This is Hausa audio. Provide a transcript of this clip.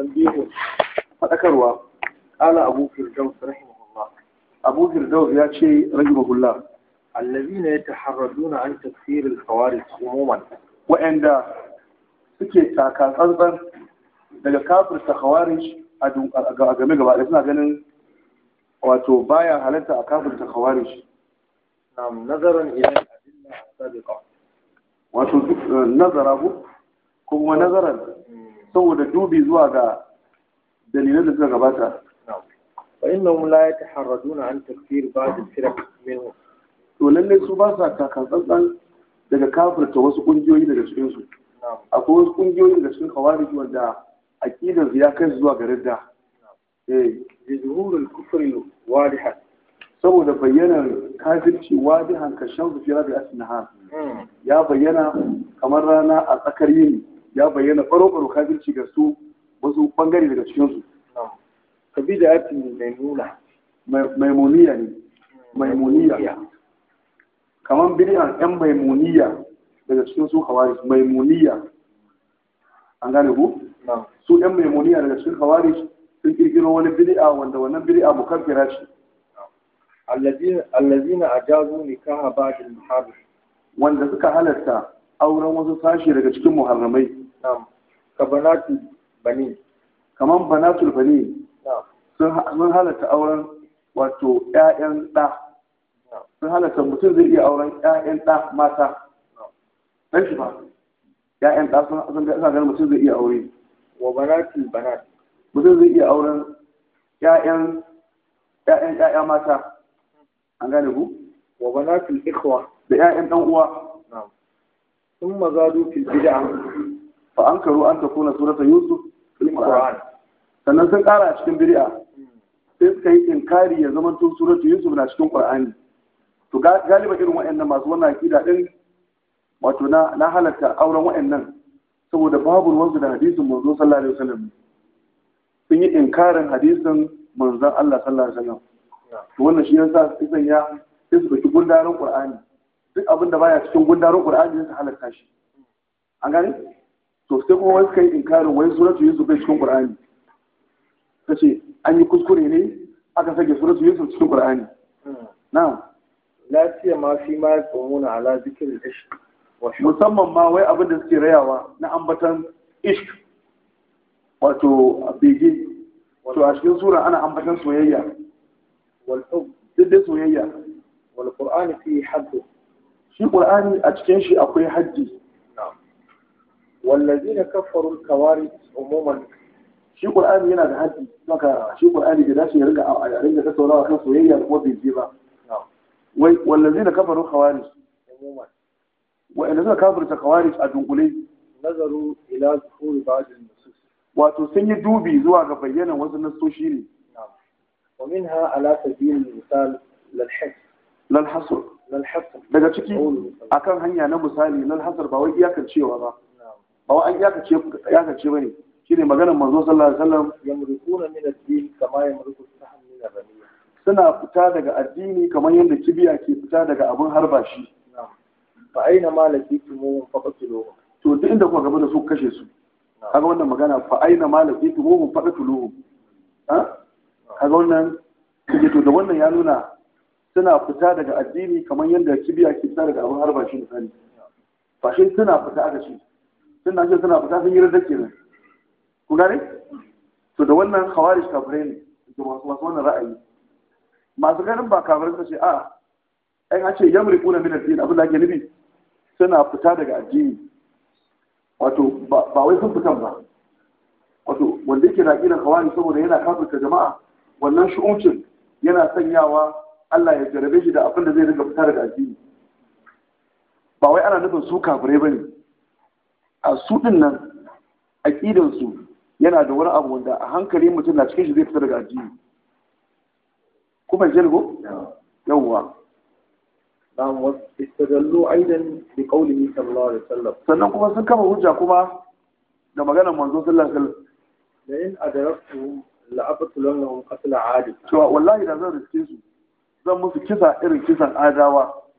tambihu fadakarwa qala abu firdaus rahimahullah abu firdaus ya ce rahimahullah allazina yataharraduna an tafsir al-khawarij umuman wa'anda suke taka tsantsan daga kafirta khawarij a game gaba da suna ganin wato baya halatta a kafirta khawarij nam nazaran ila al-adilla as-sabiqa wato nazara ko kuma nazaran saboda dubi zuwa ga dalilan da suka gabata fa innahum la yataharraduna an takfir ba'd al-firq minhum to lalle su ba sa takatsantsan daga kafirta wasu kungiyoyi daga cikin su akwai wasu kungiyoyi daga cikin khawarij wanda aqidar ya kai zuwa ga radda. eh zuhur al-kufr wadihan saboda bayyanar kafirci wadihan ka shamsu fi rabi'at nahar hmm. ya bayyana kamar rana a tsakar yini ya bayyana baro-baro kafirci ga su wasu bangare daga cikinsu sabida ya fi maimuna maimuniya ne maimuniya kamar an yan maimuniya daga cikin su hawari maimuniya an gane ku su yan maimuniya daga cikin hawari sun kirkiro wani a wanda wannan bid'a mukaffira ce allazina ajazu nikaha ba al-muharram wanda suka halarta auren wasu sashi daga cikin muharramai na'am ka banatu bani kaman banatul bani sun halatta auren wato ƴaƴan ɗa sun halatta mutum zai iya auren ƴaƴan ɗa mata ɗan shi ba ƴaƴan ɗa ganin mutum zai iya aure wa banatul banat mutum zai iya auren ƴaƴan ƴaƴan mata an gane ku wa banatul ikhwa da ƴaƴan ɗan uwa sun mazadu fil bid'a fa an karu an takuna surata yusuf fil qur'an sannan sun kara a cikin biri'a. sai suka yi inkari ya zama tun suratu yusuf na cikin qur'ani to galiba irin waɗannan masu wannan akida din wato na na halatta auren waɗannan saboda babu ruwansu da hadisin manzo sallallahu alaihi wasallam sun yi inkarin hadisin manzon Allah sallallahu alaihi wasallam wannan shi yasa sai sanya sai su ɗauki gundarin qur'ani duk abin da baya cikin gundarin qur'ani sai su halatta shi an gane to sai kuma wasu kai yi inkarin wai suratu yusuf bai cikin qur'ani ta ce an yi kuskure ne aka sake suratu yusuf cikin qur'ani na'am lafiya ma fi ma yaqumuna ala zikri ishq musamman ma wai abin da suke rayawa na ambatan ishq wato bege to a cikin sura ana ambatan soyayya wal duk da soyayya wal qur'ani fi haddu shi qur'ani a cikin shi akwai haddi والذين كفروا الكوارث عموما shi qur'ani yana da haddi maka shi qur'ani da dace ya ringa a ringa ta kan soyayya da kuma bibi ba wai wallazina kafaru khawarij umuman wa in zaka kafirta khawarij a dunkule nazaru ila zuhuri ba'd an wato sun yi dubi zuwa ga bayyana wasu nasoshi ne wa minha ala misal daga ciki akan hanya na misali lal ba wai cewa ba ba wa an yakace yakace bane shine maganar manzo sallallahu alaihi wasallam yamrukuna min ad-din kama yamruku sahm min ar-ramiya suna fita daga addini kamar yadda kibiya ke fita daga abin harba shi fa aina ma lakitumu fa qatiluhum to duk inda kuka gaba da su kashe su kaga wannan magana fa aina ma lakitumu fa qatiluhum ha kaga wannan kije to da wannan ya nuna suna fita daga addini kamar yadda kibiya ke fita daga abin harba shi misali fa shin suna fita aka ce sun ce suna fita sun yi rizik ke nan ku gane to da wannan khawarij kafirai ne da masu masu wannan ra'ayi masu ganin ba kafirai suka ce a ai an ce kuna min ad-din abin da ake nufi suna fita daga addini wato ba wai sun fitan ba wato wanda yake na kiran khawarij saboda yana kafirta jama'a wannan shu'uncin yana sanyawa Allah ya jarabe shi da abin da zai riga fita daga addini ba wai ana nufin su kafirai bane a su din nan aqidan yana da wani abu wanda a hankali mutum na cikin shi zai fita daga addini kuma go? yawwa نعم واستدلوا aidan بقوله صلى الله عليه Sallar. sannan kuma sun kama hujja kuma da maganar manzo sallallahu alaihi wasallam la in adraktu la abtulannahum qatl adi to wallahi da zan riske su zan musu kisa irin kisan adawa